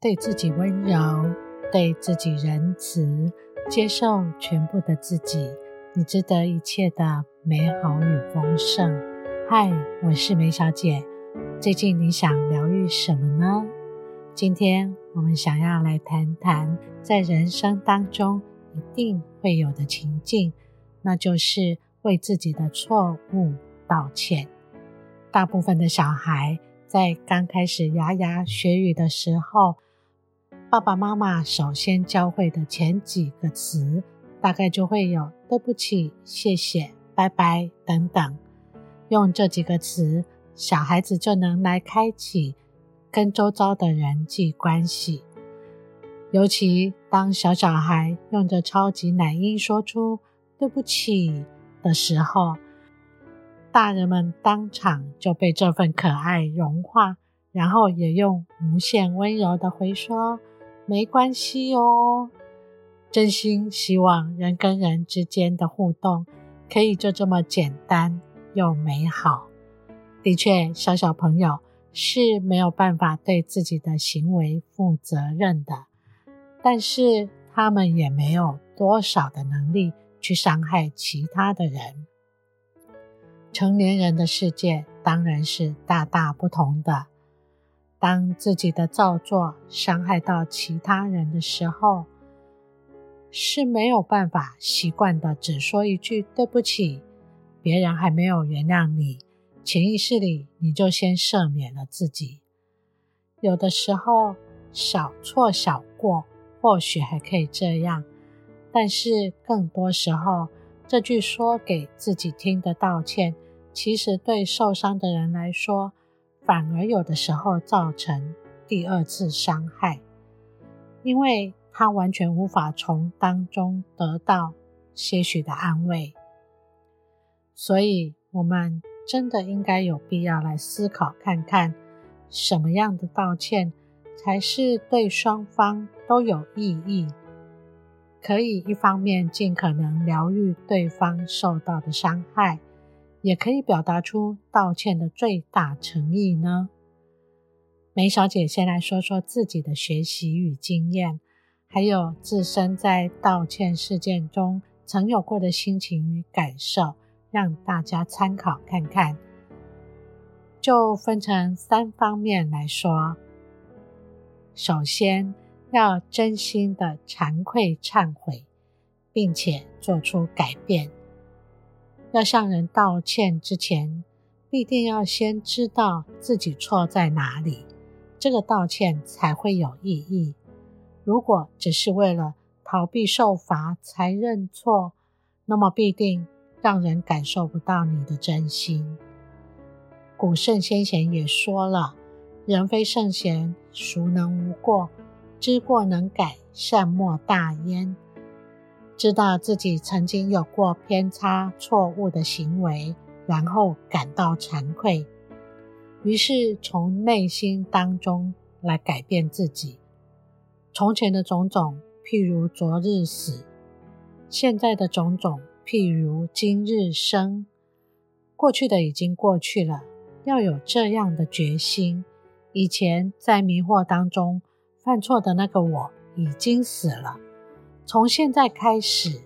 對自己溫柔，對自己仁慈，接受全部的自己，你值得一切的美好與豐盛。嗨，我是梅小姐。最近你想療癒什麼呢？今天我們想要來談談，在人生當中一定會有的情境，那就是為自己的錯誤道歉。大部分的小孩在剛開始牙牙學語的時候，爸爸媽媽首先教會的前幾個詞，大概就會有“對不起”“謝謝”“拜拜”等等。用這幾個詞，小孩子就能來開啟跟周遭的人際關係。尤其當小小孩用着超級奶音說出“對不起”的時候，大人們當場就被這份可愛融化，然後也用無限溫柔的回說。沒關係哦。真心希望人跟人之間的互動可以就這麼簡單又美好。的確，小小朋友是沒有辦法對自己的行為負責任的，但是他們也沒有多少的能力去傷害其他的人。成年人的世界當然是大大不同的。當自己的造作傷害到其他人的時候，是沒有辦法習慣的。只說一句“對不起”，別人還沒有原諒你，潛意識裡你就先赦免了自己。有的時候小錯小過或許還可以這樣，但是更多時候，這句說給自己聽的道歉，其實對受傷的人來說。反而有的時候造成第二次傷害，因為他完全無法從當中得到些許的安慰，所以我們真的應該有必要來思考看看，什麼樣的道歉才是對雙方都有意義，可以一方面盡可能療癒對方受到的傷害。也可以表達出道歉的最大誠意呢。梅小姐先來說說自己的學習與經驗，還有自身在道歉事件中曾有過的心情與感受，讓大家參考看看。就分成三方面來說。首先要真心的慚愧、懺悔，並且做出改變。要向人道歉之前，必定要先知道自己錯在哪裡，這個道歉才會有意義。如果只是為了逃避受罰才認錯，那麼必定讓人感受不到你的真心。古聖先賢也說了：“人非聖賢，孰能無過？知過能改，善莫大焉。”知道自己曾經有過偏差、錯誤的行為，然後感到慚愧，於是從內心當中來改變自己。從前的種種，譬如昨日死；現在的種種，譬如今日生。過去的已經過去了，要有這樣的決心。以前在迷惑當中犯錯的那個我，已經死了。從現在開始，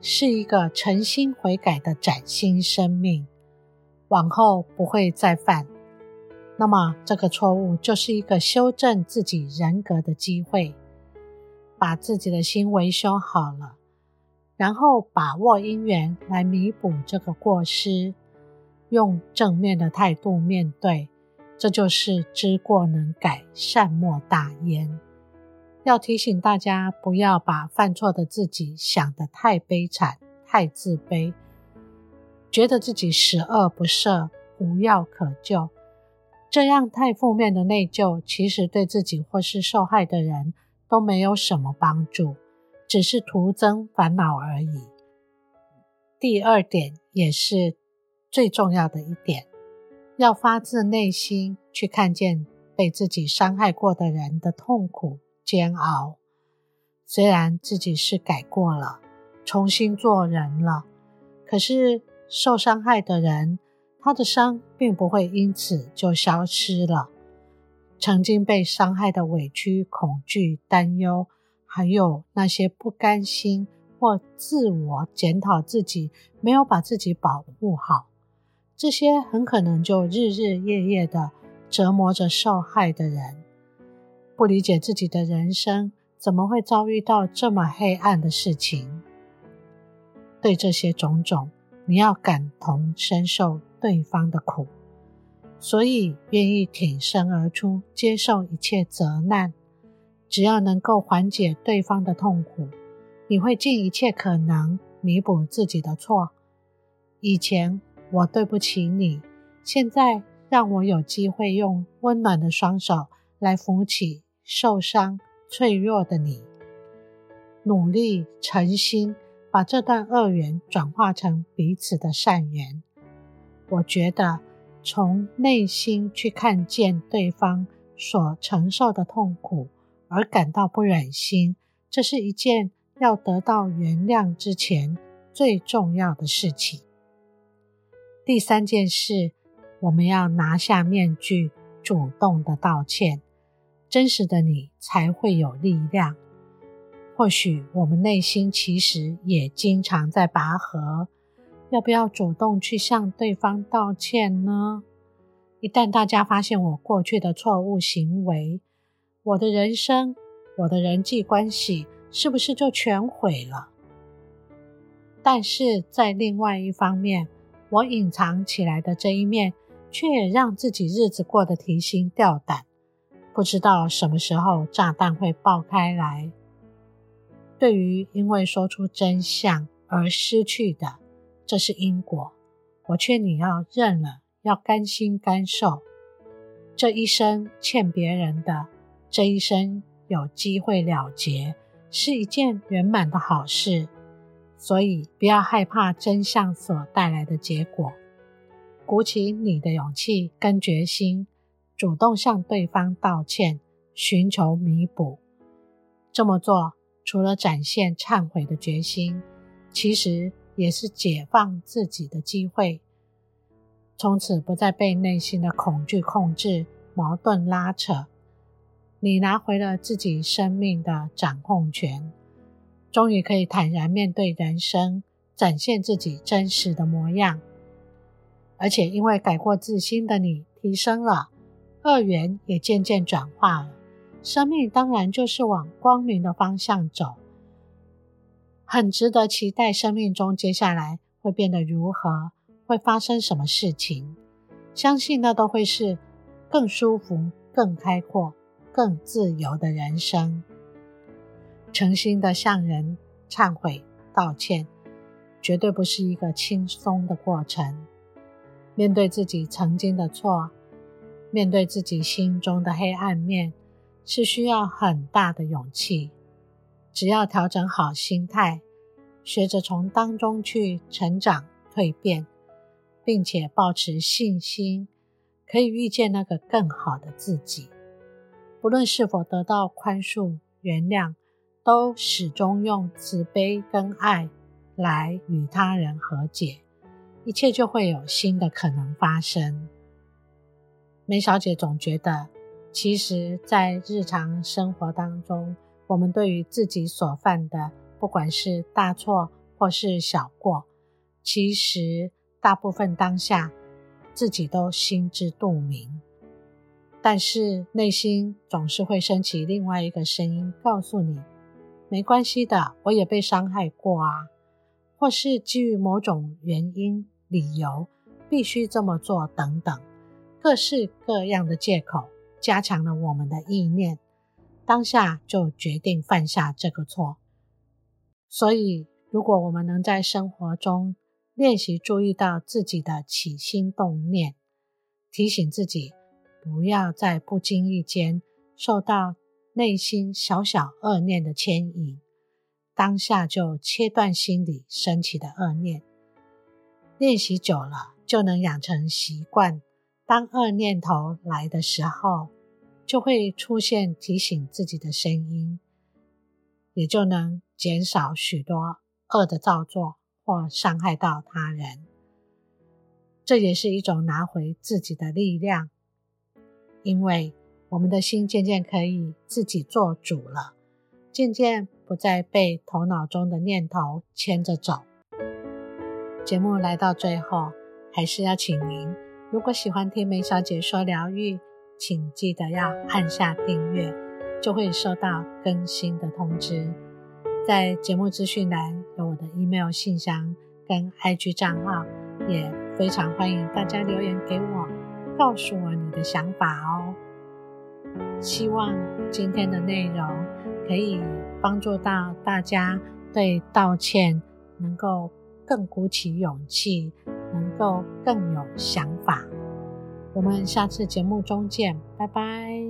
是一個誠心悔改的嶄新生命，往後不會再犯。那麼，這個錯誤就是一個修正自己人格的機會，把自己的心維修好了，然後把握因緣來彌補這個過失，用正面的態度面對，這就是知過能改，善莫大焉。要提醒大家，不要把犯錯的自己想得太悲慘、太自卑，覺得自己十惡不赦、無藥可救。這樣太負面的內疚，其實對自己或是受害的人都沒有什麼幫助，只是徒增煩惱而已。第二點也是最重要的一點，要發自內心去看見被自己傷害過的人的痛苦。煎熬。雖然自己是改過了，重新做人了，可是受傷害的人，他的傷並不會因此就消失了。曾經被傷害的委屈、恐懼、擔憂，還有那些不甘心或自我檢討自己，沒有把自己保護好，這些很可能就日日夜夜的折磨着受害的人。不理解自己的人生，怎麼會遭遇到這麼黑暗的事情？對這些種種，你要感同身受對方的苦，所以願意挺身而出，接受一切責難。只要能夠緩解對方的痛苦，你會盡一切可能彌補自己的錯。以前我對不起你，現在讓我有機會用溫暖的雙手來扶起。受傷、脆弱的你，努力、誠心，把這段惡緣轉化成彼此的善緣。我覺得，從內心去看見對方所承受的痛苦，而感到不忍心，這是一件要得到原諒之前最重要的事情。第三件事，我們要拿下面具，主動的道歉。真實的你才會有力量。或許我們內心其實也經常在拔河，要不要主動去向對方道歉呢？一旦大家發現我過去的錯誤行為，我的人生、我的人際關係是不是就全毀了？但是在另外一方面，我隱藏起來的這一面，卻也讓自己日子過得提心吊膽。不知道什麼時候炸彈會爆開來。對於因為說出真相而失去的，這是因果。我勸你要認了，要甘心甘受。這一生欠別人的，這一生有機會了結，是一件圓滿的好事。所以不要害怕真相所帶來的結果，鼓起你的勇氣跟決心。主動向對方道歉，尋求彌補。這麼做除了展現懺悔的決心，其實也是解放自己的機會。從此不再被內心的恐懼控制、矛盾拉扯，你拿回了自己生命的掌控權，終於可以坦然面對人生，展現自己真實的模樣。而且因為改過自新的你，提升了。惡緣也漸漸轉化了，生命當然就是往光明的方向走，很值得期待。生命中接下來會變得如何，會發生什麼事情？相信那都會是更舒服、更開闊、更自由的人生。誠心的向人懺悔、道歉，絕對不是一個輕鬆的過程。面對自己曾經的錯。面對自己心中的黑暗面，是需要很大的勇氣。只要調整好心態，學着從當中去成長蛻變，並且保持信心，可以遇見那個更好的自己。不論是否得到寬恕、原諒，都始終用慈悲跟愛來與他人和解，一切就會有新的可能發生。梅小姐總覺得，其實，在日常生活當中，我們對於自己所犯的，不管是大錯或是小過，其實大部分當下自己都心知肚明，但是內心總是會升起另外一個聲音，告訴你：“沒關係的，我也被傷害過啊。”或是基於某種原因、理由，必須這麼做等等。各式各樣的借口加強了我們的意念，當下就決定犯下這個錯。所以，如果我們能在生活中練習注意到自己的起心動念，提醒自己不要在不經意間受到內心小小惡念的牽引，當下就切斷心裡升起的惡念，練習久了就能養成習慣。當惡念頭來的時候，就會出現提醒自己的聲音，也就能減少許多惡的造作或傷害到他人。這也是一種拿回自己的力量，因為我們的心漸漸可以自己做主了，漸漸不再被頭腦中的念頭牽着走。節目來到最後，還是要請您。如果喜歡聽梅小姐說療癒，請記得要按下訂閱，就會收到更新的通知。在節目資訊欄有我的 email 信箱跟 IG 賬號，也非常歡迎大家留言給我，告訴我你的想法哦。希望今天的內容可以幫助到大家對道歉能夠更鼓起勇氣。能夠更有想法，我們下次節目中見，拜拜。